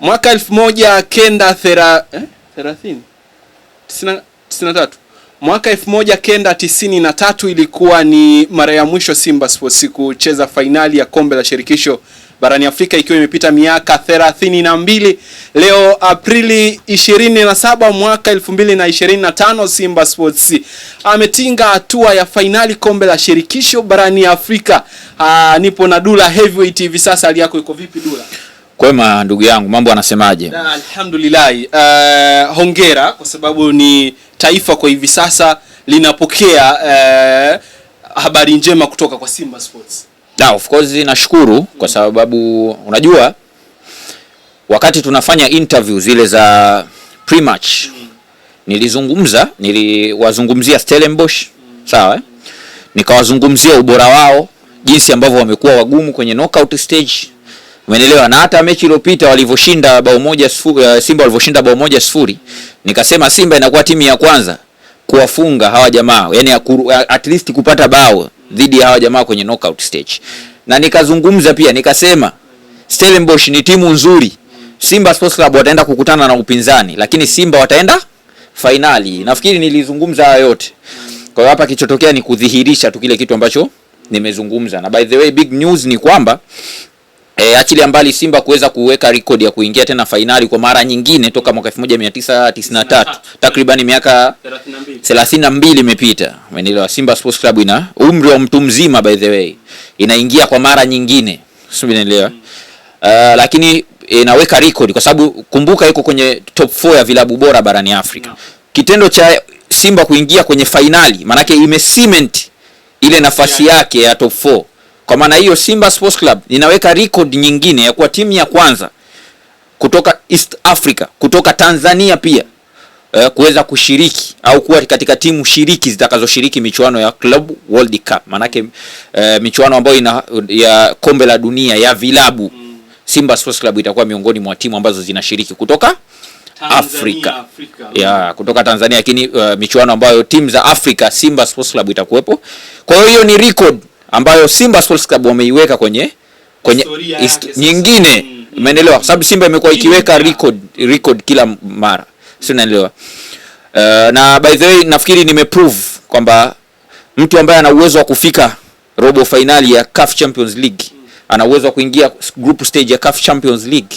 Mwaka elfu moja kenda thera, eh, thelathini tisina, tisina tatu mwaka elfu moja kenda tisini na tatu ilikuwa ni mara ya mwisho Simba Sports kucheza fainali ya kombe la shirikisho barani Afrika ikiwa imepita miaka thelathini na mbili. Leo Aprili ishirini na saba mwaka elfu mbili na na ishirini tano Simba Sports ametinga hatua ya fainali kombe la shirikisho barani Afrika. Aa, ah, nipo na Dula Heavyweight hivi sasa. Hali yako iko vipi Dula? Kwema ndugu yangu, mambo anasemaje? Alhamdulillah. Uh, eh, hongera kwa sababu ni taifa kwa hivi sasa linapokea uh, habari njema kutoka kwa Simba Sports. Na, of course nashukuru kwa sababu unajua wakati tunafanya interview zile za pre-match mm. nilizungumza niliwazungumzia Stellenbosch sawa eh? Nikawazungumzia ubora wao jinsi ambavyo wamekuwa wagumu kwenye knockout stage Umeelewa? Na hata mechi iliyopita walivyoshinda bao moja sifuri, uh, eh, Simba walivyoshinda bao moja sifuri, nikasema Simba inakuwa timu ya kwanza kuwafunga hawa jamaa, yani at least kupata bao dhidi ya hawa jamaa kwenye knockout stage. Na nikazungumza pia nikasema Stellenbosch ni timu nzuri. Simba Sports Club wataenda kukutana na upinzani, lakini Simba wataenda fainali. Nafikiri nilizungumza hayo yote. Kwa hiyo hapa kichotokea ni kudhihirisha tu kile kitu ambacho nimezungumza. Na by the way, big news ni kwamba E, eh, achili mbali Simba kuweza kuweka rekodi ya kuingia tena fainali kwa mara nyingine toka mwaka 1993 takriban miaka 32 imepita. Umeelewa? Simba Sports Club ina umri wa mtu mzima by the way, inaingia kwa mara nyingine, sio? Uh, mm. eh, lakini inaweka rekodi kwa sababu kumbuka, iko kwenye top 4 ya vilabu bora barani Afrika. Mm. Kitendo cha Simba kuingia kwenye fainali maanake imecement ile nafasi yake ya top 4 kwa maana hiyo Simba Sports Club inaweka record nyingine ya kuwa timu ya kwanza kutoka East Africa, kutoka Tanzania pia eh, kuweza kushiriki au kuwa katika timu shiriki zitakazoshiriki michuano ya Club World Cup, maanake eh, michuano ambayo ina ya kombe la dunia ya vilabu. Mm. Simba Sports Club itakuwa miongoni mwa timu ambazo zinashiriki kutoka Tanzania, Afrika, Afrika. Ya, kutoka Tanzania lakini uh, michuano ambayo timu za Afrika Simba Sports Club itakuwepo. Kwa hiyo hiyo ni record ambayo Simba Sports Club wameiweka kwenye kwenye nyingine, mm, umeelewa? Kwa mm. sababu Simba imekuwa ikiweka record record kila mara, si Unaelewa? Uh, na by the way nafikiri nimeprove kwamba mtu ambaye ana uwezo wa kufika robo finali ya CAF Champions League mm. ana uwezo wa kuingia group stage ya CAF Champions League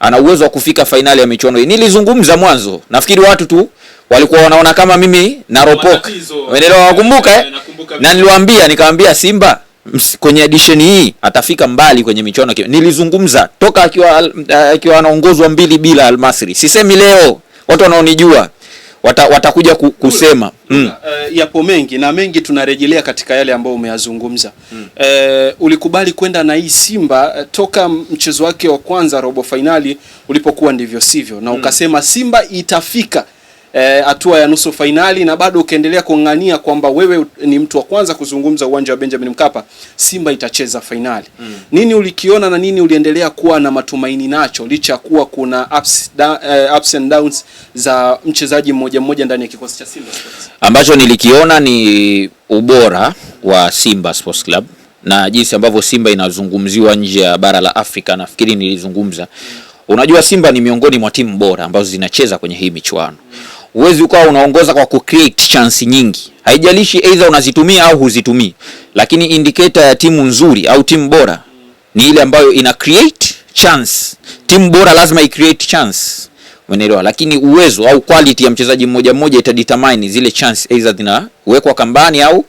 ana uwezo wa kufika finali ya michuano hii. Nilizungumza mwanzo, nafikiri watu tu walikuwa wanaona kama mimi naropoka, umeelewa? Wakumbuka eh, na niliwaambia nikamwambia Simba kwenye edition hii atafika mbali kwenye michuano. Nilizungumza toka akiwa eh, akiwa anaongozwa mbili bila Almasri, sisemi leo, watu wanaonijua wata, watakuja kusema mm. Uh, yapo mengi na mengi tunarejelea katika yale ambayo umeyazungumza mm. Uh, ulikubali kwenda na hii Simba toka mchezo wake wa kwanza robo fainali ulipokuwa ndivyo sivyo, na mm. ukasema Simba itafika Eh, hatua e, ya nusu fainali na bado ukiendelea kung'ania kwamba wewe ni mtu wa kwanza kuzungumza uwanja wa Benjamin Mkapa, Simba itacheza fainali mm. Nini ulikiona na nini uliendelea kuwa na matumaini nacho licha ya kuwa kuna ups, da, uh, ups and downs za mchezaji mmoja mmoja ndani ya kikosi cha Simba Sports? Ambacho nilikiona ni ubora wa Simba Sports Club na jinsi ambavyo Simba inazungumziwa nje ya bara la Afrika, nafikiri nilizungumza mm. Unajua Simba ni miongoni mwa timu bora ambazo zinacheza kwenye hii michuano mm. Huwezi ukawa unaongoza kwa ku create chance nyingi, haijalishi either unazitumia au huzitumii, lakini indicator ya timu nzuri au timu bora ni ile ambayo ina create chance. Timu bora lazima i create chance, umeelewa? Lakini uwezo au quality ya mchezaji mmoja mmoja itadetermine zile chance either zinawekwa kambani au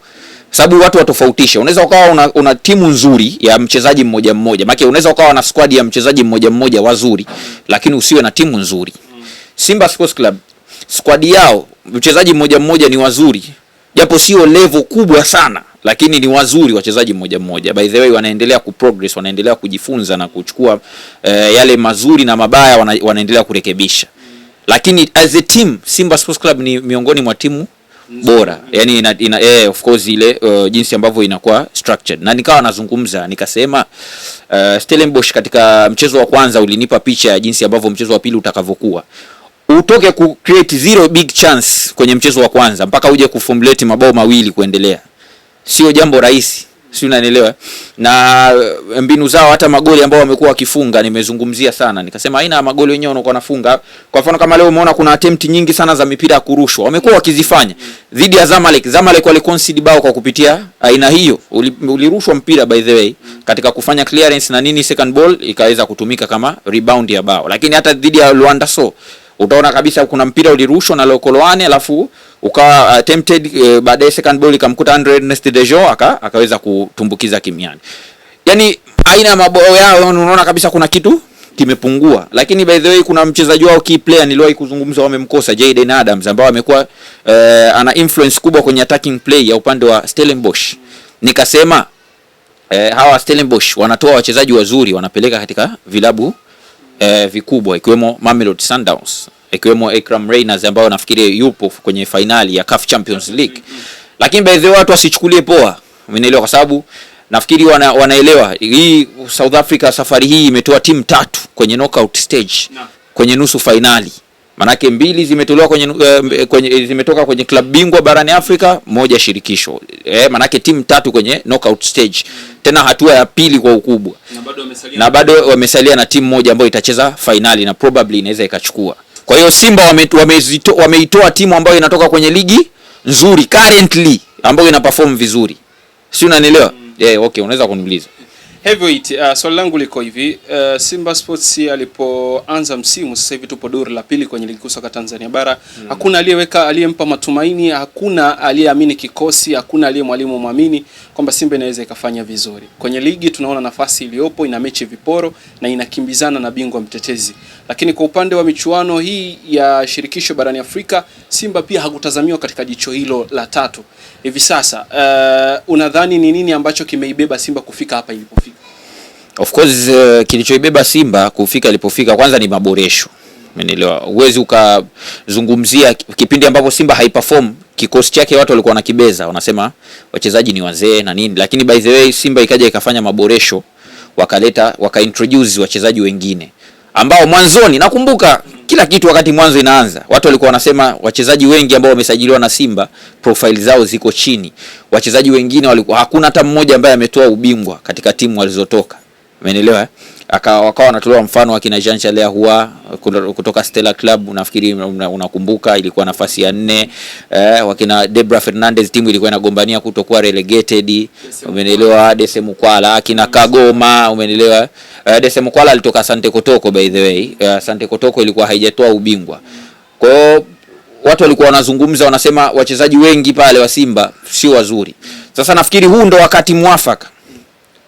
sababu watu watofautisha Unaweza ukawa una, una timu nzuri ya mchezaji mmoja mmoja, maana unaweza ukawa na squad ya mchezaji mmoja mmoja wazuri, lakini usiwe na timu nzuri. Simba Sports Club squad yao mchezaji mmoja mmoja ni wazuri, japo sio level kubwa sana, lakini ni wazuri wachezaji mmoja mmoja. By the way, wanaendelea kuprogress, wanaendelea kujifunza na kuchukua uh, yale mazuri na mabaya wana, wanaendelea kurekebisha. Lakini as a team Simba Sports Club ni miongoni mwa timu bora yani ina, ina, eh, of course ile uh, jinsi ambavyo inakuwa structured, na nikawa nazungumza nikasema, uh, Stellenbosch katika mchezo wa kwanza ulinipa picha ya jinsi ambavyo mchezo wa pili utakavyokuwa utoke ku create zero big chance kwenye mchezo wa kwanza mpaka uje kuformulate mabao mawili kuendelea, sio jambo rahisi, si unanielewa? Na eh, mbinu zao hata magoli ambao wamekuwa wakifunga nimezungumzia sana, nikasema aina ya magoli wenyewe wanakuwa wanafunga. Kwa mfano kama leo umeona kuna attempt nyingi sana za mipira ya kurushwa wamekuwa wakizifanya dhidi ya Zamalek. Zamalek waliconcede bao kwa kupitia aina hiyo, ulirushwa uli mpira by the way katika kufanya clearance na nini, second ball ikaweza kutumika kama rebound ya bao, lakini hata dhidi ya Luanda so utaona kabisa kuna mpira ulirushwa na lokoloane alafu ukawa uh, tempted uh, baadaye second ball ikamkuta Andre Ernest Dejo aka, akaweza kutumbukiza kimiani. Yaani aina ya mabao yao yaani unaona kabisa kuna kitu kimepungua. Lakini by the way kuna mchezaji wao key player niliwahi kuzungumza wamemkosa Jayden Adams ambao amekuwa uh, ana influence kubwa kwenye attacking play ya upande wa Stellenbosch. Nikasema uh, hawa Stellenbosch wanatoa wachezaji wazuri wanapeleka katika vilabu eh, vikubwa ikiwemo Mamelodi Sundowns, ikiwemo Akram Reyners ambao nafikiri yupo kwenye fainali ya CAF Champions League. Lakini by the way watu wasichukulie poa, umeelewa? Kwa sababu nafikiri wana, wanaelewa hii South Africa safari hii imetoa timu tatu kwenye knockout stage, kwenye nusu fainali. Manake mbili zimetolewa kwenye, uh, kwenye eh, zimetoka kwenye klabu bingwa barani Afrika, moja shirikisho. Eh, manake timu tatu kwenye knockout stage, tena hatua ya pili kwa ukubwa, na bado wamesalia na, na timu moja ambayo itacheza fainali na probably inaweza ikachukua. Kwa hiyo Simba wameitoa wame wame timu ambayo inatoka kwenye ligi nzuri currently ambayo ina perform vizuri, si unanielewa? mm. Yeah, okay, unaweza kuniuliza Heavyweight, uh, swali langu liko hivi uh, Simba Sports alipoanza msimu sasa hivi tupo duru la pili kwenye ligi kuu soka Tanzania bara mm. Hakuna aliyeweka aliyempa matumaini, hakuna aliyeamini kikosi, hakuna aliye mwalimu mwamini kwamba Simba inaweza ikafanya vizuri kwenye ligi. Tunaona nafasi iliyopo ina mechi viporo na inakimbizana na bingwa mtetezi, lakini kwa upande wa michuano hii ya shirikisho barani Afrika Simba pia hakutazamiwa katika jicho hilo la tatu. Hivi sasa uh, unadhani ni nini ambacho kimeibeba Simba kufika hapa ilipofika? Of course uh, kilichoibeba Simba kufika alipofika kwanza ni maboresho. Umeelewa? Huwezi ukazungumzia kipindi ambapo Simba haiperform kikosi chake watu walikuwa wanakibeza, wanasema wachezaji ni wazee na nini, lakini by the way Simba ikaja ikafanya maboresho, wakaleta wakaintroduce wachezaji wengine ambao mwanzoni nakumbuka kila kitu, wakati mwanzo inaanza watu walikuwa wanasema wachezaji wengi ambao wamesajiliwa na Simba profile zao ziko chini, wachezaji wengine walikuwa hakuna hata mmoja ambaye ametoa ubingwa katika timu walizotoka. Umeelewa? Eh? Aka wakawa wanatolewa mfano akina Jean Chalea huwa eh, kutoka Stella Club, unafikiri unakumbuka, una ilikuwa nafasi ya nne eh, wakina Debra Fernandez, timu ilikuwa inagombania kutokuwa relegated, umeelewa? Desem Kwala akina Kagoma, umeelewa? Eh, Desem Kwala alitoka Sante Kotoko, by the way eh, Sante Kotoko ilikuwa haijatoa ubingwa kwa watu walikuwa wanazungumza wanasema wachezaji wengi pale wa Simba sio wazuri. Sasa nafikiri huu ndo wakati mwafaka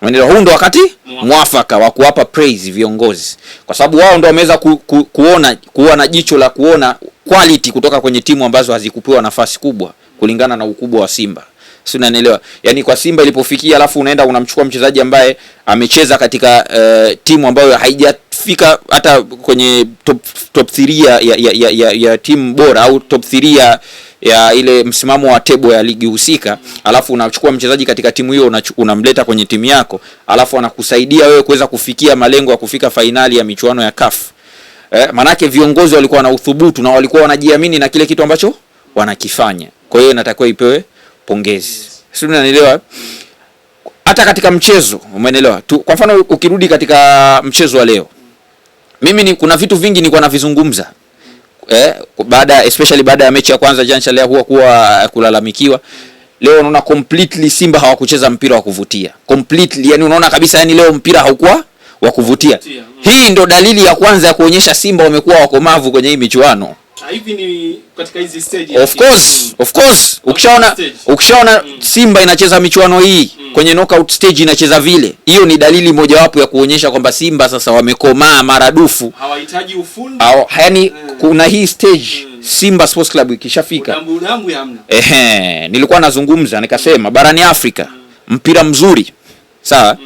huu ndo wakati mwafaka wa kuwapa praise viongozi, kwa sababu wao ndo wameweza ku, ku, kuona kuwa na jicho la kuona quality kutoka kwenye timu ambazo hazikupewa nafasi kubwa kulingana na ukubwa wa Simba. Si unanielewa? Yaani kwa Simba ilipofikia, alafu unaenda unamchukua mchezaji ambaye amecheza katika uh, timu ambayo haijafika hata kwenye top top 3 ya, ya, ya, ya, ya timu bora au top 3 ya ya ile msimamo wa tebo ya ligi husika, alafu unachukua mchezaji katika timu hiyo unamleta kwenye timu yako, alafu anakusaidia wewe kuweza kufikia malengo ya kufika fainali ya michuano ya CAF. Eh, manake viongozi walikuwa na uthubutu na walikuwa wanajiamini na kile kitu ambacho wanakifanya. Kwa hiyo inatakiwa ipewe pongezi. Sio, unanielewa? Hata katika mchezo, umeelewa? Kwa mfano ukirudi katika mchezo wa leo. Mimi ni kuna vitu vingi nilikuwa navizungumza eh, baada especially baada ya mechi ya kwanza janchalea huwa kuwa kulalamikiwa. Leo unaona completely Simba hawakucheza mpira wa kuvutia completely, yani unaona kabisa, yani leo mpira haukuwa wa kuvutia. Mm. Hii ndo dalili ya kwanza ya kuonyesha Simba wamekuwa wakomavu kwenye hii michuano. Hivi ni katika hizi stage. Of course, of course. Ukishaona ukishaona mm. Simba inacheza michuano hii mm. kwenye knockout stage inacheza vile, hiyo ni dalili mojawapo ya kuonyesha kwamba Simba sasa wamekomaa maradufu, hawahitaji ufundi au yani mm. kuna hii stage Simba Sports Club ikishafika, ehe, nilikuwa nazungumza nikasema barani Afrika mpira mzuri sawa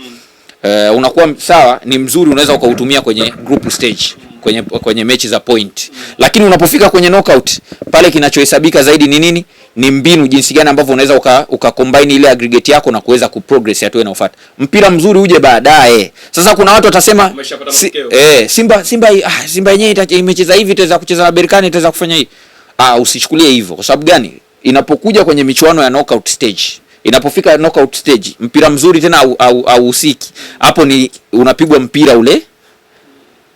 Uh, unakuwa sawa, ni mzuri, unaweza ukautumia kwenye group stage kwenye, kwenye mechi za point, lakini unapofika kwenye knockout pale kinachohesabika zaidi ni nini? ni mbinu jinsi gani ambavyo unaweza uka, uka combine ile aggregate yako na kuweza ku kuprogress hatua inayofuata. Mpira mzuri uje baadaye. Sasa kuna watu watasema si, eh, Simba Simba ah, Simba yenyewe imecheza hivi, itaweza kucheza na Berkane, itaweza kufanya hivi. Ah, usichukulie hivyo. Kwa sababu gani? Inapokuja kwenye michuano ya knockout stage, inapofika knockout stage, mpira mzuri tena au au, au usiki hapo, ni unapigwa mpira ule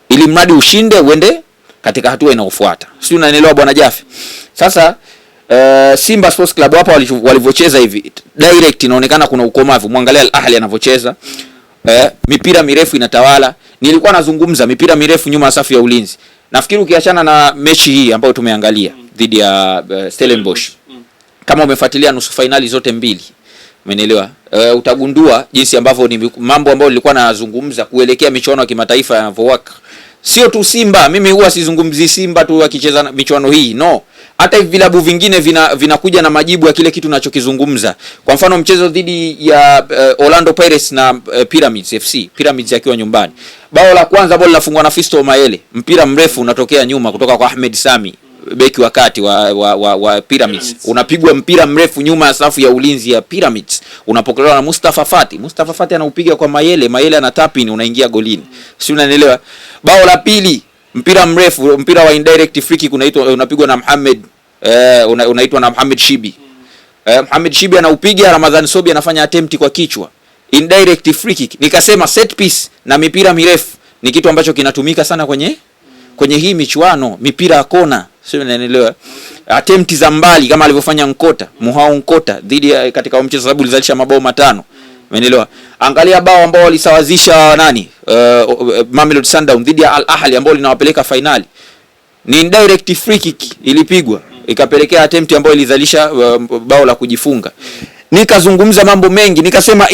ili mradi ushinde uende katika hatua inayofuata. Sio, unanielewa bwana Jafe? Sasa Eh, Simba Sports Club hapa walivyocheza hivi direct inaonekana kuna ukomavu. Mwangalia Al Ahly anavyocheza eh, mipira mirefu inatawala. Nilikuwa nazungumza mipira mirefu nyuma ya safu ya ulinzi. Nafikiri ukiachana na mechi hii ambayo tumeangalia dhidi ya uh, Stellenbosch, kama umefuatilia nusu fainali zote mbili, umeelewa uh, eh, utagundua jinsi ambavyo ni mambo ambayo nilikuwa nazungumza kuelekea michuano ya kimataifa yanavyowaka. Sio tu Simba, mimi huwa sizungumzi Simba tu akicheza michuano hii no hata hivi vilabu vingine vinakuja vina, na majibu ya kile kitu nachokizungumza. Kwa mfano mchezo dhidi ya uh, Orlando Pirates na uh, Pyramids FC, Pyramids akiwa nyumbani, bao la kwanza bao linafungwa na Fisto Maele, mpira mrefu unatokea nyuma kutoka kwa Ahmed Sami beki wakati wa, wa, wa, wa Pyramids. Pyramids unapigwa mpira mrefu nyuma ya safu ya ulinzi ya Pyramids, unapokelewa na Mustafa Fati. Mustafa Fati anaupiga kwa Mayele, Mayele ana tapin, unaingia golini, si unanielewa? Bao la pili mpira mrefu, mpira wa indirect friki kunaitwa unapigwa na Muhammad eh, una, unaitwa na Muhammad Shibi eh, Muhammad Shibi anaupiga, Ramadhan Sobi anafanya attempt kwa kichwa, indirect free kick. Nikasema set piece na mipira mirefu ni kitu ambacho kinatumika sana kwenye kwenye hii michuano, mipira ya kona, sio unanielewa, attempt za mbali kama alivyofanya Nkota Muhau Nkota dhidi ya katika mchezo, sababu alizalisha mabao matano. Umeelewa? Angalia bao ambao walisawazisha nani? Uh, Mamelodi sundown dhidi ya Al Ahli ambao linawapeleka fainali. Ni direct free kick ilipigwa ikapelekea attempt ambayo ilizalisha uh, bao la kujifunga. Nikazungumza mambo mengi, nikasema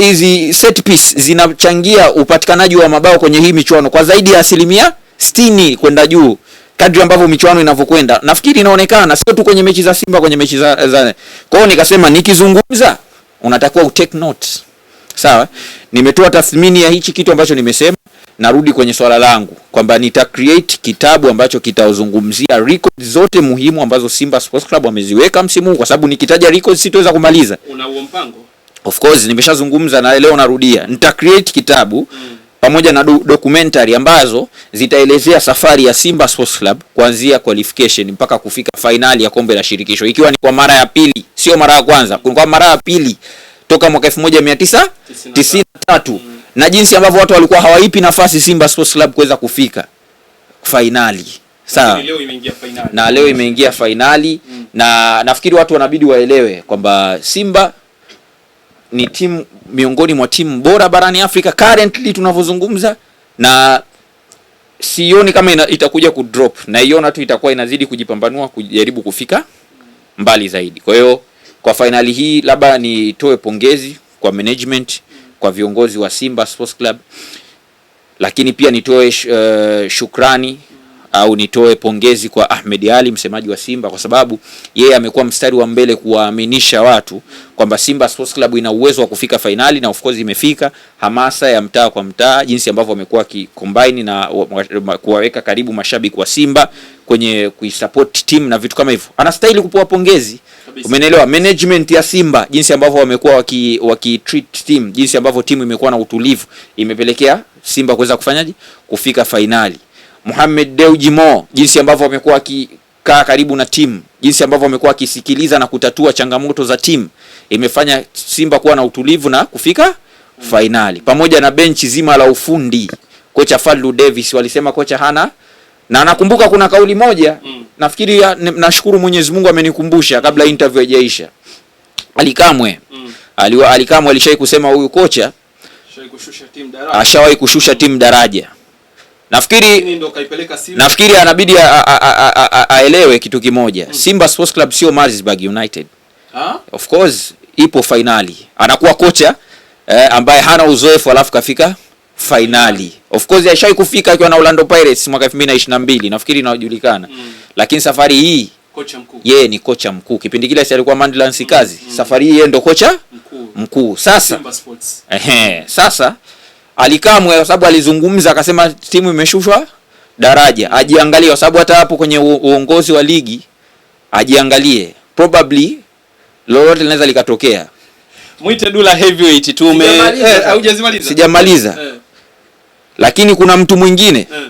hizi set piece zinachangia upatikanaji wa mabao kwenye hii michuano kwa zaidi ya asilimia sitini kwenda juu kadri ambavyo michuano inavyokwenda. Nafikiri inaonekana sio tu kwenye mechi za Simba, kwenye mechi za, za... Kwa hiyo nikasema nikizungumza unatakiwa utake note. Sawa, nimetoa tathmini ya hichi kitu ambacho nimesema. Narudi kwenye swala langu kwamba nita create kitabu ambacho kitazungumzia records zote muhimu ambazo Simba Sports Club wameziweka msimu huu, kwa sababu nikitaja records sitoweza kumaliza. Una huo mpango? Of course nimeshazungumza na leo narudia, nita create kitabu mm pamoja na documentary ambazo zitaelezea safari ya Simba Sports Club kuanzia qualification mpaka kufika fainali ya kombe la shirikisho, ikiwa ni kwa mara ya pili, sio mara ya kwanza, kwa mara ya pili toka mwaka 1993 mm, na jinsi ambavyo watu walikuwa hawaipi nafasi Simba Sports Club kuweza kufika fainali. Sawa, na leo imeingia fainali mm, na nafikiri watu wanabidi waelewe kwamba Simba ni timu miongoni mwa timu bora barani Afrika currently tunavyozungumza, na sioni kama ina, itakuja kudrop, naiona tu itakuwa inazidi kujipambanua kujaribu kufika mbali zaidi. Kwa hiyo kwa fainali hii labda nitoe pongezi kwa management, kwa viongozi wa Simba Sports Club, lakini pia nitoe uh, shukrani au nitoe pongezi kwa Ahmed Ali msemaji wa Simba kwa sababu yeye amekuwa mstari wa mbele kuwaaminisha watu kwamba Simba Sports Club ina uwezo wa kufika fainali na of course imefika. Hamasa ya mtaa kwa mtaa, jinsi ambavyo wamekuwa kikombaini na kuwaweka karibu mashabiki wa Simba kwenye kuisupport team na vitu kama hivyo, anastahili kupewa pongezi. Umeelewa? Management ya Simba jinsi ambavyo wamekuwa waki, waki treat team, jinsi ambavyo timu imekuwa na utulivu imepelekea Simba kuweza kufanyaje kufika fainali. Mohamed Dewji Mo, jinsi ambavyo amekuwa akikaa karibu na timu, jinsi ambavyo amekuwa akisikiliza na kutatua changamoto za timu imefanya Simba kuwa na utulivu na kufika fainali, pamoja na benchi zima la ufundi. Kocha Fadlu Davis walisema kocha hana na nakumbuka kuna kauli moja mm. Nafikiri nashukuru Mwenyezi Mungu amenikumbusha kabla interview haijaisha. Alikamwe mm. aliwa Alikamwe alishawahi kusema huyu kocha ashawahi kushusha timu daraja, ashawahi kushusha timu daraja. Nafikiri nafikiri anabidi aelewe kitu kimoja hmm. Simba Sports Club sio Maritzburg United ha? Of course ipo fainali, anakuwa kocha eh, ambaye hana uzoefu alafu kafika fainali. Of course aishawahi kufika akiwa na Orlando Pirates mwaka 2022 nafikiri inajulikana hmm. Lakini safari hii kocha mkuu yeye ni kocha mkuu. Kipindi kile si alikuwa Mandla kazi hmm. Safari hii yeye ndo kocha mkuu, mkuu. Sasa ehe, sasa alikamwe kwa sababu alizungumza akasema timu imeshushwa daraja, ajiangalie, kwa sababu hata hapo kwenye uongozi wa ligi ajiangalie, probably lolote linaweza likatokea. Mwite Dula Heavyweight, tume eh, haujazimaliza, sijamaliza eh, lakini kuna mtu mwingine eh,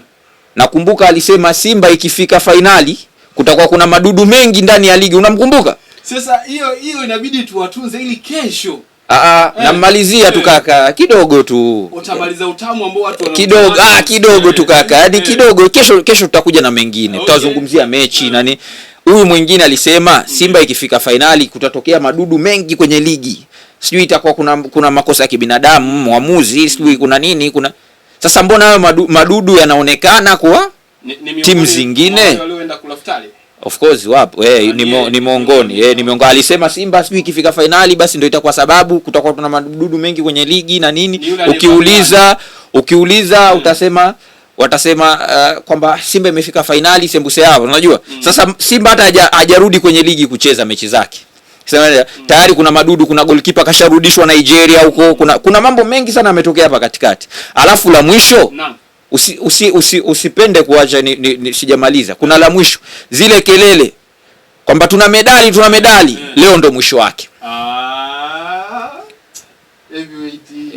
nakumbuka alisema Simba ikifika fainali kutakuwa kuna madudu mengi ndani ya ligi, unamkumbuka? Sasa hiyo hiyo inabidi tuwatunze ili kesho Aa, ah, ah, eh. namalizia tu kaka, eh. kidogo tu. Utamaliza utamu ambao watu wana kidogo, ah, eh. kidogo tu kaka, hadi yaani kidogo. Kesho kesho tutakuja na mengine, tutazungumzia mechi nani huyu mwingine alisema mm. Simba ikifika fainali kutatokea madudu mengi kwenye ligi, sijui itakuwa kuna, kuna makosa ya kibinadamu mwamuzi, sijui kuna nini, kuna sasa, mbona hayo madudu, madudu yanaonekana kwa timu zingine? Of course wapo eh, ni miongoni eh, ni miongoni alisema Simba sijui ikifika fainali basi ndio itakuwa sababu kutakuwa tuna madudu mengi kwenye ligi na nini. Ukiuliza ukiuliza yeah. Hmm. utasema watasema uh, kwamba Simba imefika fainali sembuse yao, unajua mm. Sasa Simba hata hajarudi kwenye ligi kucheza mechi zake sema hmm. tayari kuna madudu, kuna goalkeeper kasharudishwa Nigeria huko, kuna kuna mambo mengi sana yametokea hapa katikati, alafu la mwisho na usi, usi, usi, usipende kuacha ni, ni, ni, sijamaliza. Kuna la mwisho, zile kelele kwamba tuna medali tuna medali yeah. Mm. Leo ndo mwisho wake ah,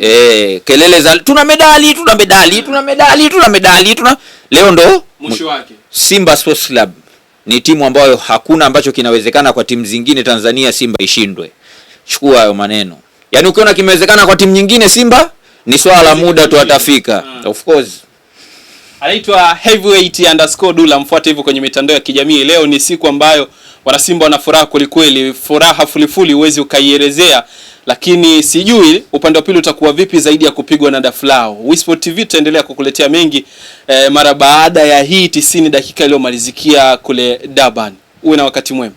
eh, kelele za tuna medali tuna medali yeah. tuna medali tuna medali tuna leo ndo mwisho wake. Simba Sports Club ni timu ambayo hakuna ambacho kinawezekana kwa timu zingine Tanzania, Simba ishindwe. Chukua hayo maneno, yaani ukiona kimewezekana kwa timu nyingine Simba ni swala la muda tu, atafika mm. of course anaitwa Heavyweight underscore Dula, mfuate hivyo kwenye mitandao ya kijamii. Leo ni siku ambayo wanasimba wana furaha kwelikweli, furaha fulifuli, huwezi ukaielezea, lakini sijui upande wa pili utakuwa vipi zaidi ya kupigwa na Daflao. WeSport TV tutaendelea kukuletea mengi eh, mara baada ya hii tisini dakika iliyomalizikia kule Durban. Uwe na wakati mwema.